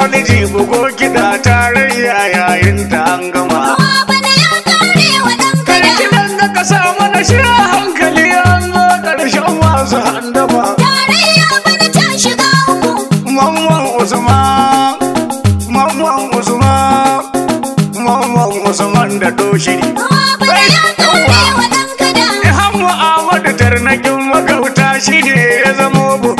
wani bugo ko kiɗa tarayya yayin ta an gama. Kar kiɗan da ka mana shi hankali an zo ƙarshen handama. Tarayya ta shiga uku. Mamman Usman, Mamman Usman, Mamman Usman da Doshiri. Hamma Ahmadu tarnakin magauta shi ne ya zama bu.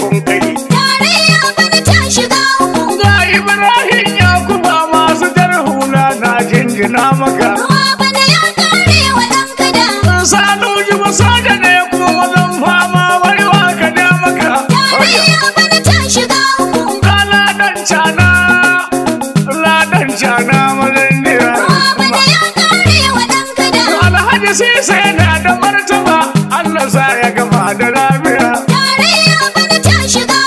cana ladan cana magandiya ya kare wa alhaji sai sai da da martaba Allah sa ya gama da lafiya tarayya bana ta shiga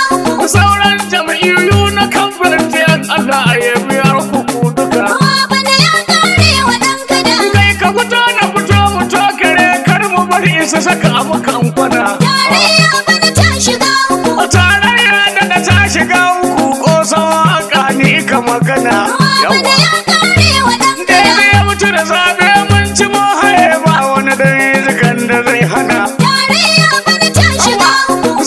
sauran jam'iyyu na kamfanin tiyan Allah a yi biyar kuku duka baba ya kare wa da kai ka fito na fito mu kare kar mu bari isa saka abu kan fada magana yawa da ya mutu da zabe mun ci mu a wani dare zikan da zai hana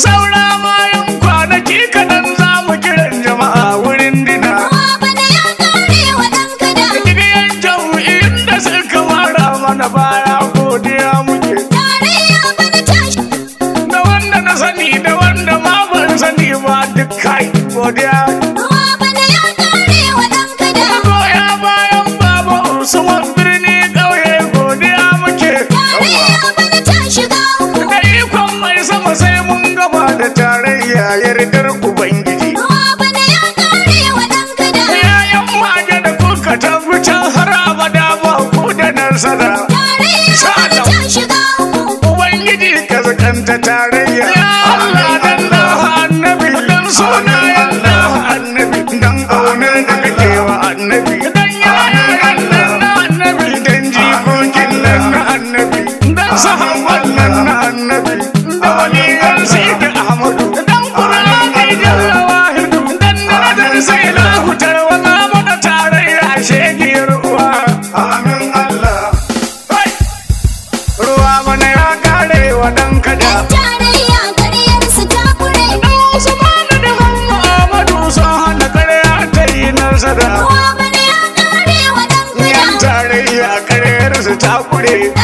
saura bayan kwanaki kaɗan zamu mu kiran jama'a wurin dina yan jam'iyyun da suka mara mana baya godiya muke da wanda na sani da wanda ma ban sani ba duk kai godiya ta tarayya Allah dan da annabi suna yanda annabi dan auna da kake wa annabi dan yana yanda annabi dan jikokin nan na annabi dan sahan wannan na annabi da wani yan sai da ahmadu dan qur'ani kai jalla wahidu dan nadan sai lahu tarwala mana tarayya shegiyar ruwa. amin Allah ruwa mana ya wa ɗan kada. Tarayya karyar su ta kure. Ɗan Usman da Hamma Amadu sun hana karya ta yi nasara. Kowa bane ya kare wa ɗan Yan tarayya karyar su ta